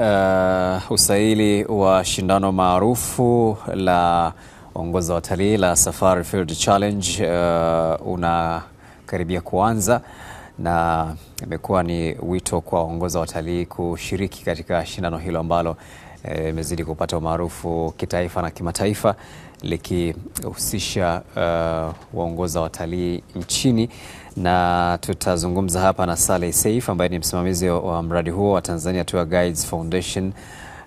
Uh, usaili wa shindano maarufu la ongoza watalii la Safari Field Challenge uh, unakaribia kuanza na imekuwa ni wito kwa ongoza watalii kushiriki katika shindano hilo ambalo uh, imezidi uh, kupata umaarufu kitaifa na kimataifa likihusisha uh, waongoza watalii nchini na tutazungumza hapa na Saleh Seif ambaye ni msimamizi wa mradi huo wa Tanzania Tour Guides Foundation.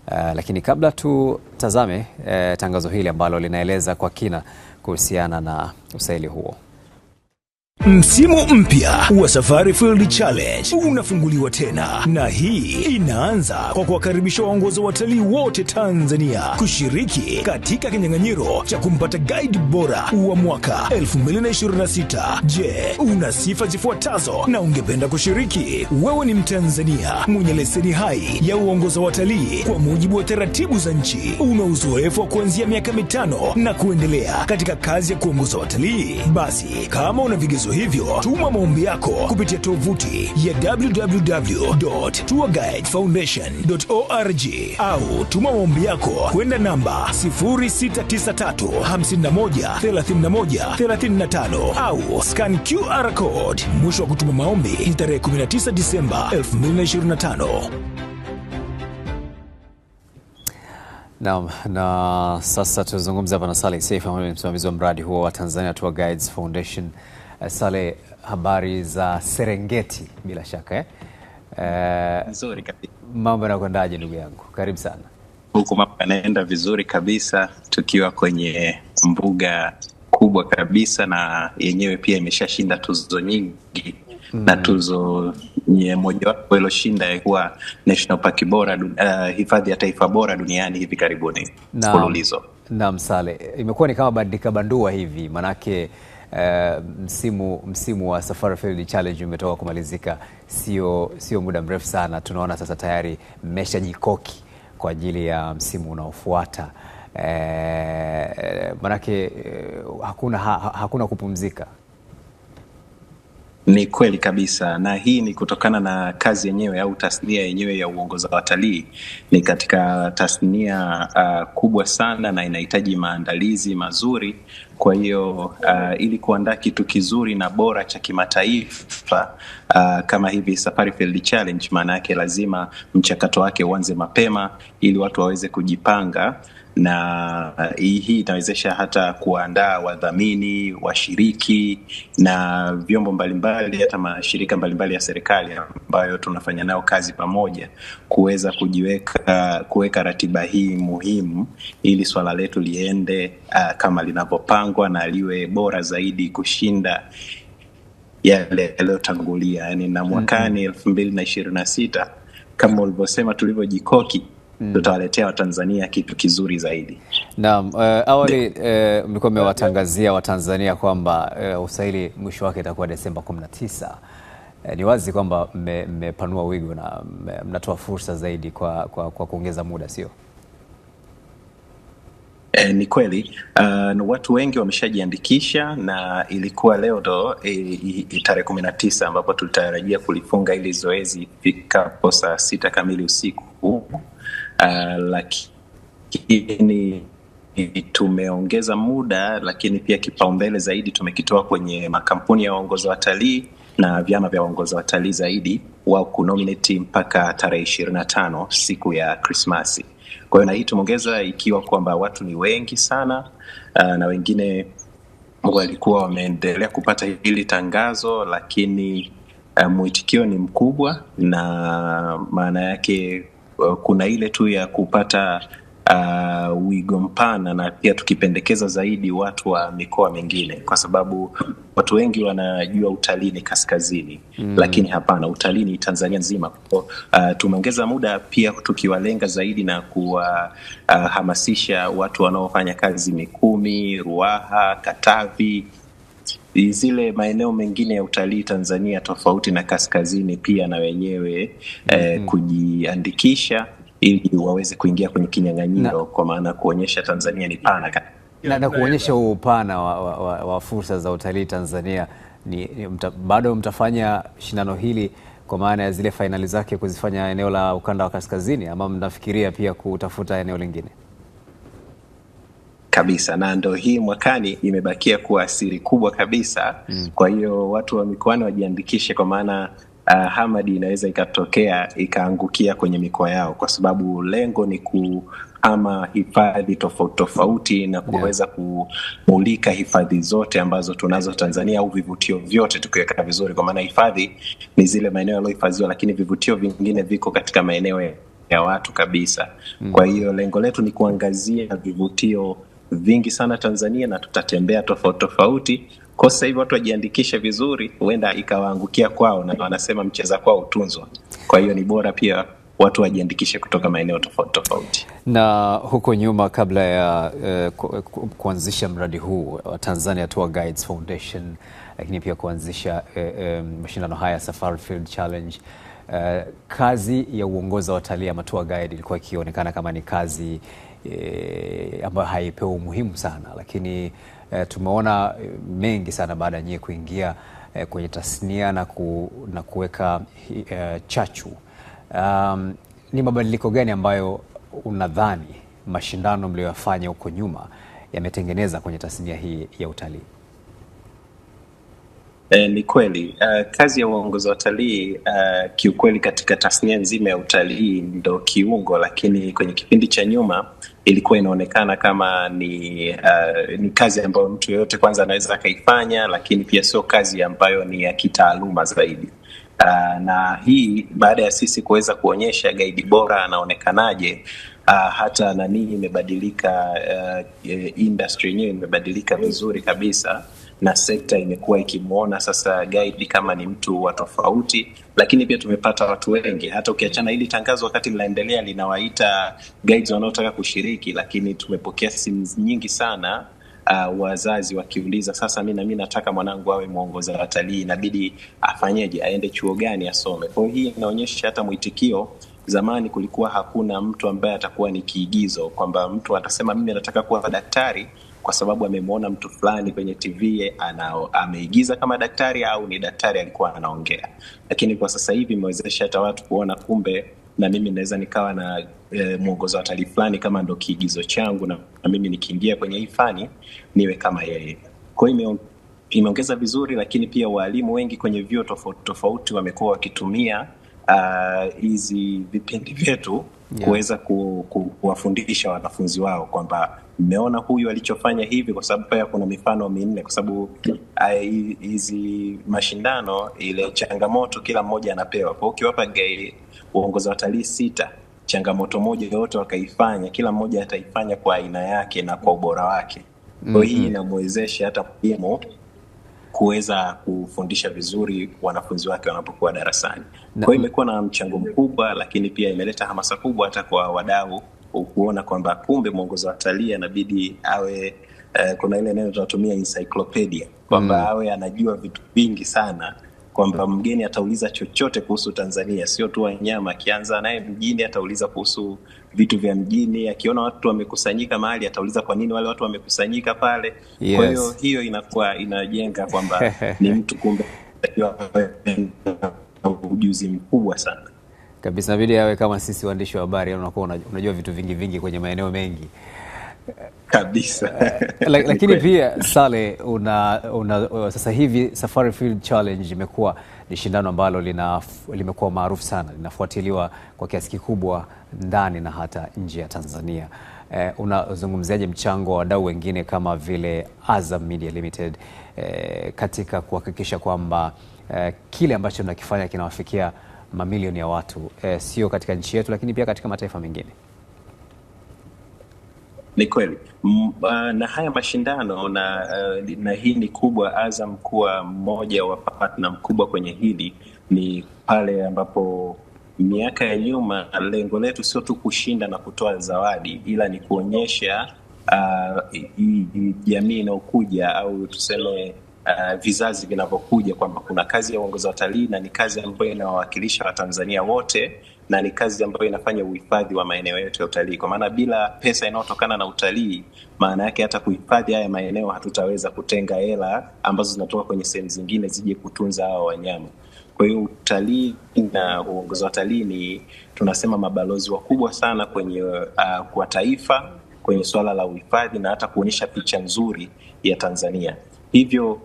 Uh, lakini kabla tutazame uh, tangazo hili ambalo linaeleza kwa kina kuhusiana na usaili huo. Msimu mpya wa Safari Field Challenge unafunguliwa tena, na hii inaanza kwa kuwakaribisha waongoza watalii wote Tanzania kushiriki katika kinyang'anyiro cha kumpata guide bora wa mwaka 2026. Je, una sifa zifuatazo na ungependa kushiriki? Wewe ni Mtanzania mwenye leseni hai ya uongoza watalii kwa mujibu wa taratibu za nchi. Una uzoefu wa kuanzia miaka mitano na kuendelea katika kazi ya kuongoza watalii. Basi kama una vigezo hivyo tuma maombi yako kupitia tovuti ya www.tourguidefoundation.org au tuma maombi yako kwenda namba 0693513135 au scan QR code. Mwisho wa kutuma maombi ni tarehe 19 Disemba 2025. Naam, na sasa tuzungumze hapa na Saleh Seif ambaye ni msimamizi wa mradi huo wa Tanzania Tour Guides Foundation. Eh, Sale, habari za Serengeti bila shaka eh? Uh, eh, nzuri kabisa. Mambo yanakwendaje ndugu yangu? Karibu sana. Huku mambo yanaenda vizuri kabisa, tukiwa kwenye mbuga kubwa kabisa, na yenyewe pia imeshashinda tuzo nyingi mm. na tuzo mojawapo iloshinda kuwa national park bora, uh, hifadhi ya taifa bora duniani hivi karibuni mfululizo. Naam Sale, imekuwa ni kama bandika bandua hivi manake Eh, msimu, msimu wa Safari Field Challenge umetoka kumalizika, sio sio muda mrefu sana. Tunaona sasa tayari mmeshajikoki kwa ajili ya msimu unaofuata. Eh, manake eh, hakuna, ha, hakuna kupumzika. Ni kweli kabisa, na hii ni kutokana na kazi yenyewe au tasnia yenyewe ya uongoza watalii. Ni katika tasnia uh, kubwa sana na inahitaji maandalizi mazuri kwa hiyo uh, ili kuandaa kitu kizuri na bora cha kimataifa uh, kama hivi Safari Field Challenge, maana yake lazima mchakato wake uanze mapema ili watu waweze kujipanga na uh, hii itawezesha hata kuandaa wadhamini, washiriki na vyombo mbalimbali, hata mashirika mbalimbali ya serikali ambayo tunafanya nayo kazi pamoja, kuweza kujiweka kuweka ratiba hii muhimu ili swala letu liende uh, kama linavyopangwa kupangwa na liwe bora zaidi kushinda yale yaliyotangulia yani na mwakani elfu mbili na ishirini na sita kama ulivyosema tulivyojikoki Mm. tutawaletea Watanzania kitu kizuri zaidi. Naam. Uh, awali uh, mlikuwa mmewatangazia Watanzania kwamba uh, usaili mwisho wake itakuwa Desemba 19. Uh, ni wazi kwamba mmepanua wigo na mnatoa fursa zaidi kwa, kwa, kwa kuongeza muda, sio? E, ni kweli uh, watu wengi wameshajiandikisha na ilikuwa leo ndo eh, tarehe kumi na tisa ambapo tulitarajia kulifunga ili zoezi ifikapo saa sita kamili usiku uh, lakini tumeongeza muda, lakini pia kipaumbele zaidi tumekitoa kwenye makampuni ya waongoza watalii na vyama vya waongoza watalii zaidi wao kunominate mpaka tarehe ishirini na tano siku ya Krismasi. Kwa hiyo na hii tumeongeza ikiwa kwamba watu ni wengi sana uh, na wengine walikuwa wameendelea kupata hili tangazo lakini uh, mwitikio ni mkubwa na maana yake uh, kuna ile tu ya kupata uh, wigo mpana na pia tukipendekeza zaidi watu wa mikoa mingine, kwa sababu watu wengi wanajua utalii ni kaskazini mm. Lakini hapana, utalii ni Tanzania nzima. Uh, tumeongeza muda pia tukiwalenga zaidi na kuwahamasisha uh, watu wanaofanya kazi Mikumi, Ruaha, Katavi zile maeneo mengine ya utalii Tanzania tofauti na kaskazini pia na wenyewe mm -hmm. eh, mm-hmm. kujiandikisha ili waweze kuingia kwenye kinyang'anyiro, kwa maana kuonyesha Tanzania ni pana na, na kuonyesha huo upana wa, wa, wa, wa fursa za utalii Tanzania. Ni, ni mta, bado mtafanya shindano hili kwa maana ya zile fainali zake kuzifanya eneo la ukanda wa kaskazini, ama mnafikiria pia kutafuta eneo lingine? kabisa na ndo hii mwakani imebakia kuwa siri kubwa kabisa mm. Kwa hiyo watu wa mikoani wajiandikishe, kwa maana uh, hamadi inaweza ikatokea ikaangukia kwenye mikoa yao, kwa sababu lengo ni kuhama hifadhi tofauti tofauti na kuweza kumulika hifadhi zote ambazo tunazo Tanzania au vivutio vyote tukiweka vizuri, kwa maana hifadhi ni zile maeneo yaliyohifadhiwa, lakini vivutio vingine viko katika maeneo ya watu kabisa. Mm. Kwa hiyo lengo letu ni kuangazia vivutio vingi sana Tanzania na tutatembea tofauti tofauti. Kwa sasa hivi watu wajiandikishe vizuri, huenda ikawaangukia kwao, na wanasema mcheza kwao utunzwa. Kwa hiyo ni bora pia watu wajiandikishe kutoka maeneo tofauti tofauti. Na huko nyuma, kabla ya uh, kuanzisha mradi huu Tanzania Tour Guides Foundation, lakini pia kuanzisha uh, um, mashindano haya Safari Field Challenge uh, kazi ya uongozi wa watalii ama tour guide ilikuwa ikionekana kama ni kazi e, ambayo haipewa umuhimu sana, lakini e, tumeona mengi sana baada ya nyie kuingia e, kwenye tasnia na, ku, na kuweka e, chachu um, ni mabadiliko gani ambayo unadhani mashindano mliyoyafanya huko nyuma yametengeneza kwenye tasnia hii ya utalii? E, ni kweli uh, kazi ya uongozi wa utalii uh, kiukweli katika tasnia nzima ya utalii ndo kiungo, lakini kwenye kipindi cha nyuma ilikuwa inaonekana kama ni, uh, ni kazi ambayo mtu yeyote kwanza anaweza akaifanya, lakini pia sio kazi ambayo ni ya kitaaluma zaidi. Uh, na hii baada ya sisi kuweza kuonyesha gaidi bora anaonekanaje, uh, hata nanii imebadilika, uh, industry yenyewe imebadilika vizuri kabisa na sekta imekuwa ikimwona sasa Gaidi kama ni mtu wa tofauti, lakini pia tumepata watu wengi. Hata ukiachana hili tangazo, wakati linaendelea linawaita guides wanaotaka kushiriki, lakini tumepokea simu nyingi sana uh, wazazi wakiuliza sasa, mi nami nataka mwanangu awe mwongoza watalii, inabidi afanyeje? Aende chuo gani asome? Kwa hiyo hii inaonyesha hata mwitikio zamani kulikuwa hakuna mtu ambaye atakuwa ni kiigizo kwamba mtu atasema mimi nataka kuwa daktari kwa sababu amemwona mtu fulani kwenye tv ameigiza kama daktari au ni daktari alikuwa anaongea lakini kwa sasa hivi imewezesha hata watu kuona kumbe na mimi naweza nikawa na e, mwongozo wa talii fulani kama ndo kiigizo changu na, na mimi nikiingia kwenye hii fani niwe kama yeye kwa hiyo imeongeza vizuri lakini pia waalimu wengi kwenye vyuo tofauti tofauti wamekuwa wakitumia ah, hizi uh, vipindi vyetu yeah. kuweza ku, ku, kuwafundisha wanafunzi wao kwamba mmeona huyu alichofanya hivi, kwa sababu pia kuna mifano minne, kwa sababu eh, hizi mashindano, ile changamoto kila mmoja anapewa. Kwa hiyo ukiwapa wa watalii sita changamoto moja yote wakaifanya, kila mmoja ataifanya kwa aina yake na kwa ubora wake. Kwa hiyo mm-hmm. hii inamwezesha hata mwalimu kuweza kufundisha vizuri wanafunzi wake wanapokuwa darasani. Kwa hiyo imekuwa na mchango mkubwa, lakini pia imeleta hamasa kubwa hata kwa wadau kuona kwamba kumbe mwongozo wa watalii anabidi awe eh, kuna ile neno tunatumia encyclopedia kwamba mm. awe anajua vitu vingi sana kwamba mgeni atauliza chochote kuhusu Tanzania, sio tu wanyama. Akianza naye mjini atauliza kuhusu vitu vya mjini, akiona watu wamekusanyika mahali atauliza kwa nini wale watu wamekusanyika pale. Yes. Kwa hiyo hiyo inakuwa inajenga kwamba ni mtu kumbe ujuzi mkubwa sana kabisa, bidi awe kama sisi waandishi wa habari, yaani unakuwa unajua vitu vingi vingi kwenye maeneo mengi kabisa eh, lakini pia Sale una, una, uh, sasa hivi Safari Field Challenge imekuwa ni shindano ambalo limekuwa maarufu sana, linafuatiliwa kwa kiasi kikubwa ndani na hata nje ya Tanzania. Eh, unazungumziaje mchango wa wadau wengine kama vile Azam Media Limited eh, katika kuhakikisha kwamba eh, kile ambacho nakifanya kinawafikia mamilioni ya watu eh, sio katika nchi yetu, lakini pia katika mataifa mengine? Ni kweli ah, na haya mashindano na, eh, na hii ni kubwa, Azam kuwa mmoja wa patna mkubwa kwenye hili ni pale ambapo miaka ya nyuma lengo letu sio tu kushinda na kutoa zawadi, ila ni kuonyesha ah, jamii uh, inayokuja au tuseme uh, vizazi vinavyokuja kwamba kuna kazi ya uongozi watalii utalii na ni kazi ambayo inawawakilisha Watanzania wote na ni kazi ambayo inafanya uhifadhi wa maeneo yetu ya utalii, kwa maana bila pesa inayotokana na utalii, maana yake hata kuhifadhi haya maeneo hatutaweza kutenga hela ambazo zinatoka kwenye sehemu zingine zije kutunza hawa wanyama. Kwa hiyo utalii na uongozi wa talii ni tunasema mabalozi wakubwa sana kwenye uh, kwa taifa kwenye suala la uhifadhi na hata kuonyesha picha nzuri ya Tanzania. Hivyo uh,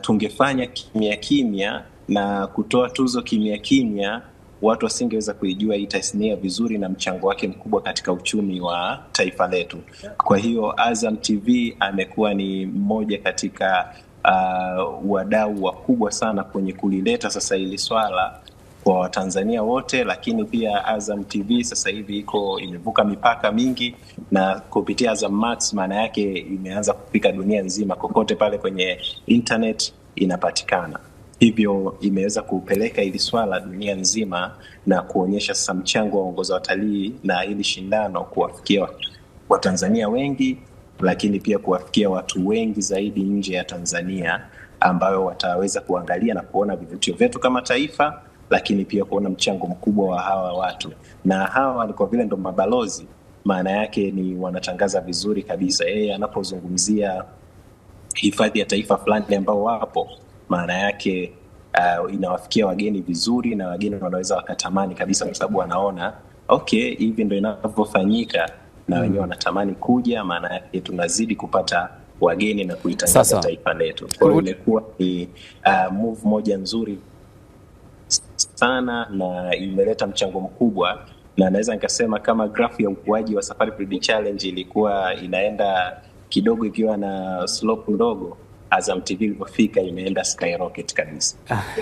tungefanya kimya kimya na kutoa tuzo kimya kimya watu wasingeweza kuijua hii tasnia vizuri na mchango wake mkubwa katika uchumi wa taifa letu. Kwa hiyo Azam TV amekuwa ni mmoja katika uh, wadau wakubwa sana kwenye kulileta sasa hili swala kwa Watanzania wote, lakini pia Azam TV sasa hivi iko imevuka mipaka mingi, na kupitia Azam Max maana yake imeanza kufika dunia nzima, kokote pale kwenye internet inapatikana hivyo imeweza kupeleka hili swala dunia nzima na kuonyesha sasa mchango wa wa watalii na hili shindano kuwafikia watanzania wengi lakini pia kuwafikia watu wengi zaidi nje ya tanzania ambayo wataweza kuangalia na kuona vivutio vyetu kama taifa lakini pia kuona mchango mkubwa wa hawa watu na hawa ni kwa vile ndo mabalozi maana yake ni wanatangaza vizuri kabisa yeye anapozungumzia hifadhi ya taifa fulani ambao wapo maana yake uh, inawafikia wageni vizuri na wageni wanaweza wakatamani kabisa kwa sababu wanaona okay hivi ndo inavyofanyika na hmm. wenyewe mm. wanatamani kuja maana yake tunazidi kupata wageni na kuitangaza taifa letu kwao imekuwa ni uh, move moja nzuri sana na imeleta mchango mkubwa na naweza nikasema kama grafu ya ukuaji wa Safari Challenge ilikuwa inaenda kidogo ikiwa na slope ndogo, Azam TV ilivyofika imeenda skyrocket kabisa.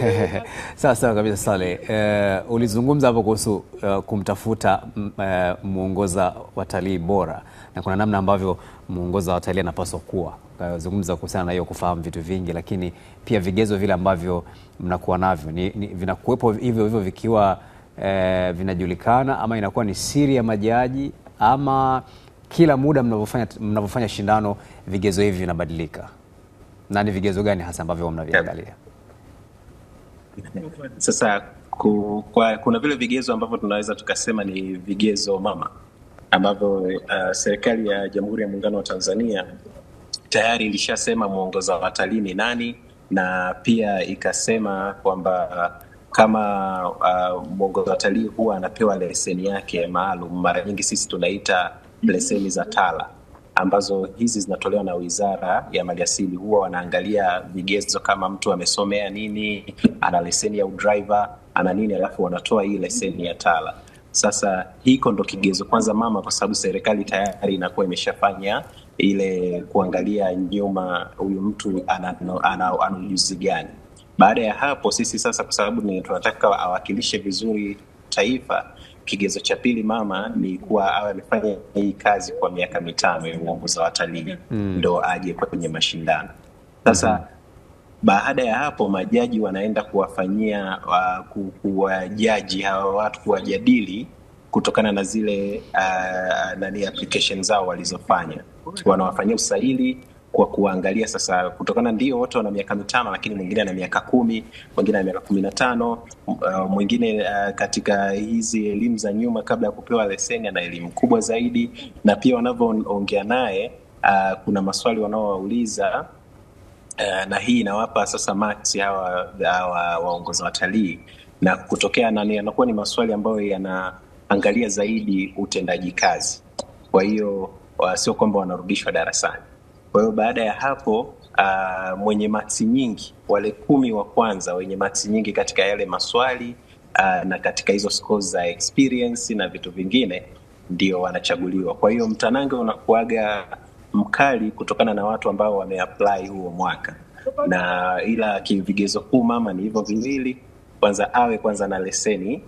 Sawa sawa kabisa Sale. Uh, eh, ulizungumza hapo kuhusu uh, kumtafuta uh, mwongoza watalii bora na kuna namna ambavyo mwongoza watalii anapaswa kuwa zungumza kuhusiana na hiyo kufahamu vitu vingi, lakini pia vigezo vile ambavyo mnakuwa navyo ni, ni, vinakuwepo hivyo hivyo vikiwa eh, vinajulikana ama inakuwa ni siri ya majaji ama kila muda mnavyofanya mnavyofanya shindano vigezo hivi vinabadilika? na ni vigezo gani hasa ambavyo mnaviangalia? Sasa ku, kwa, kuna vile vigezo ambavyo tunaweza tukasema ni vigezo mama ambavyo uh, serikali ya Jamhuri ya Muungano wa Tanzania tayari ilishasema mwongoza watalii ni nani, na pia ikasema kwamba kama uh, mwongoza watalii huwa anapewa leseni yake maalum, mara nyingi sisi tunaita leseni za TALA ambazo hizi zinatolewa na Wizara ya Maliasili, huwa wanaangalia vigezo kama mtu amesomea nini, ana leseni ya udriva ana nini, alafu wanatoa hii leseni ya TALA. Sasa hiko ndo kigezo kwanza mama, kwa sababu serikali tayari inakuwa imeshafanya ile kuangalia nyuma, huyu mtu ana, ana, ana ujuzi gani. Baada ya hapo, sisi sasa, kwa sababu tunataka awakilishe vizuri taifa Kigezo cha pili mama ni kuwa awe amefanya hii kazi kwa miaka mitano ya uongoza watalii mm. ndo aje kwenye mashindano sasa mm. Baada ya hapo majaji wanaenda kuwafanyia ku, kuwajaji hawa watu kuwajadili kutokana na zile uh, nani application zao walizofanya, wanawafanyia usahili kwa kuangalia sasa, kutokana ndio wote wana miaka mitano, lakini mwingine ana miaka kumi, mwingine ana miaka kumi na tano, uh, mwingine uh, katika hizi elimu za nyuma kabla ya kupewa leseni ana elimu kubwa zaidi, na pia wanavyoongea naye uh, kuna maswali wanaowauliza uh, na hii inawapa sasa maksi hawa, hawa waongoza watalii na kutokea nani, anakuwa ni maswali ambayo yanaangalia zaidi utendaji kazi. Kwa hiyo uh, sio kwamba wanarudishwa darasani. Kwa hiyo baada ya hapo uh, mwenye maksi nyingi wale kumi wa kwanza wenye maksi nyingi katika yale maswali uh, na katika hizo scores za experience na vitu vingine ndio wanachaguliwa. Kwa hiyo mtanange unakuaga mkali kutokana na watu ambao wameapply huo mwaka, na ila kivigezo kuu mama ni hivyo viwili. Kwanza awe kwanza na leseni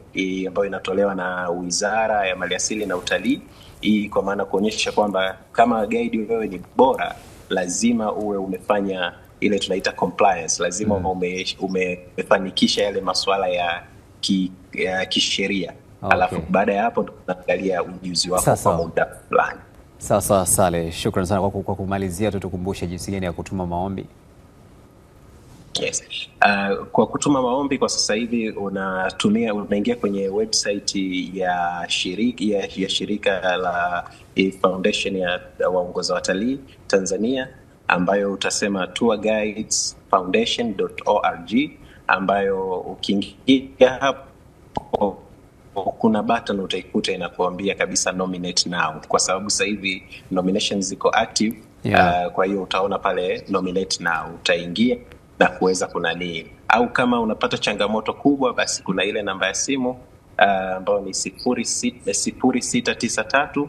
ambayo inatolewa na Wizara ya Maliasili na Utalii, hii kwa maana kuonyesha kwamba kama guide wewe ni bora lazima uwe umefanya ile tunaita compliance, lazima mm. ume, umefanikisha yale masuala ya, ki, ya kisheria okay. Alafu baada ya hapo tunaangalia ujuzi wako kwa muda fulani. Sawa sawa, Sale, shukrani sana kwa kumalizia tu, tukumbushe jinsi gani ya kutuma maombi. Yes. Uh, kwa kutuma maombi kwa sasa hivi unatumia unaingia kwenye website ya shirika, ya, ya shirika la foundation ya waongoza watalii Tanzania ambayo utasema tourguidesfoundation.org ambayo ukiingia hapo kuna button utaikuta inakuambia kabisa nominate now, kwa sababu sasa hivi ziko active yeah. Uh, kwa hiyo utaona pale nominate now utaingia na kuweza kunanii, au kama unapata changamoto kubwa, basi kuna ile namba ya simu ah, ambayo uh, ni sifuri, sit, eh, sifuri sita tisa tatu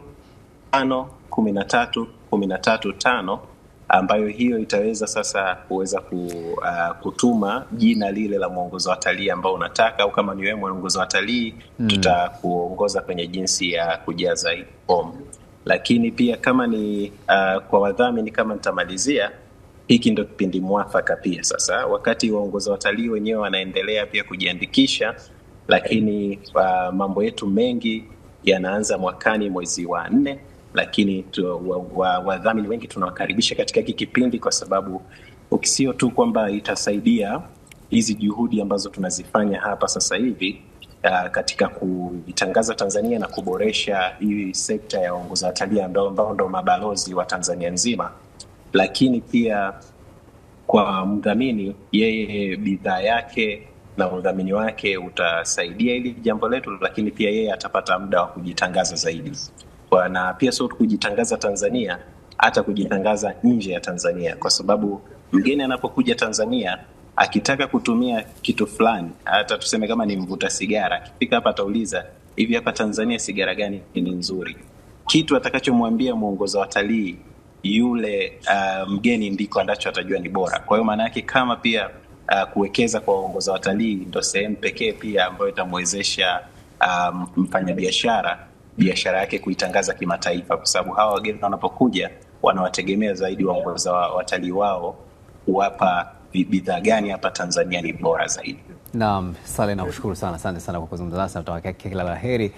tano kumi na tatu kumi na tatu tano ambayo hiyo itaweza sasa kuweza ku, uh, kutuma jina lile la mwongozo wa watalii ambao unataka au kama ni wewe mwongozo wa watalii mm. tutakuongoza kwenye jinsi ya kujaza fomu, lakini pia kama ni uh, kwa wadhamini, kama nitamalizia hiki ndo kipindi mwafaka pia sasa, wakati waongoza watalii wenyewe wanaendelea pia kujiandikisha, lakini uh, mambo yetu mengi yanaanza mwakani mwezi wa nne, lakini wadhamini wa, wa wengi tunawakaribisha katika hiki kipindi, kwa sababu sio tu kwamba itasaidia hizi juhudi ambazo tunazifanya hapa sasa hivi uh, katika kuitangaza Tanzania na kuboresha hii sekta ya waongoza watalii ambao ndo mabalozi wa Tanzania nzima lakini pia kwa mdhamini, yeye bidhaa yake na udhamini wake utasaidia hili jambo letu, lakini pia yeye atapata muda wa kujitangaza zaidi, kwa na pia sio kujitangaza Tanzania, hata kujitangaza nje ya Tanzania, kwa sababu mgeni anapokuja Tanzania akitaka kutumia kitu fulani, hata tuseme kama ni mvuta sigara, akifika hapa atauliza hivi, hapa Tanzania sigara gani ni nzuri? Kitu atakachomwambia mwongoza watalii yule uh, mgeni ndiko andacho atajua ni bora. Kwa hiyo maana yake kama pia uh, kuwekeza kwa waongoza watalii ndo sehemu pekee pia ambayo itamwezesha um, mfanyabiashara biashara yake kuitangaza kimataifa, kwa sababu hawa wageni wanapokuja wanawategemea zaidi waongoza watalii wao kuwapa bidhaa gani hapa Tanzania ni bora zaidi. Naam, Sale, nakushukuru sana, asante sana kwa kuzungumza nasi na kila la heri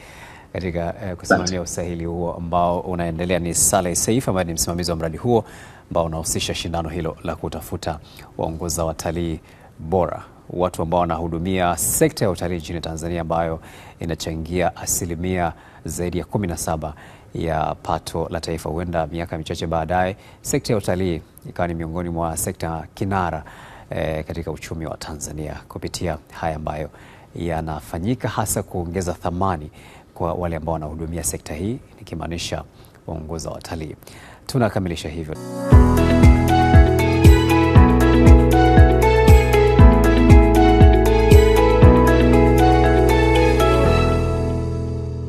katika eh, kusimamia usahili huo ambao unaendelea. Ni Saleh Saif ambaye ni msimamizi wa mradi huo ambao unahusisha shindano hilo la kutafuta waongoza watalii bora, watu ambao wanahudumia sekta ya utalii nchini Tanzania ambayo inachangia asilimia zaidi ya 17 ya pato la taifa. Huenda miaka michache baadaye sekta ya utalii ikawa ni miongoni mwa sekta kinara eh, katika uchumi wa Tanzania kupitia haya ambayo yanafanyika hasa kuongeza thamani kwa wale ambao wanahudumia sekta hii, nikimaanisha waongoza watalii. Tunakamilisha hivyo.